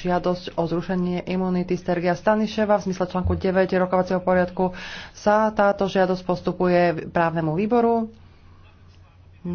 žiadosť o zrušenie imunity Sergia Staniševa v zmysle článku 9 rokovacieho poriadku sa táto žiadosť postupuje právnemu výboru.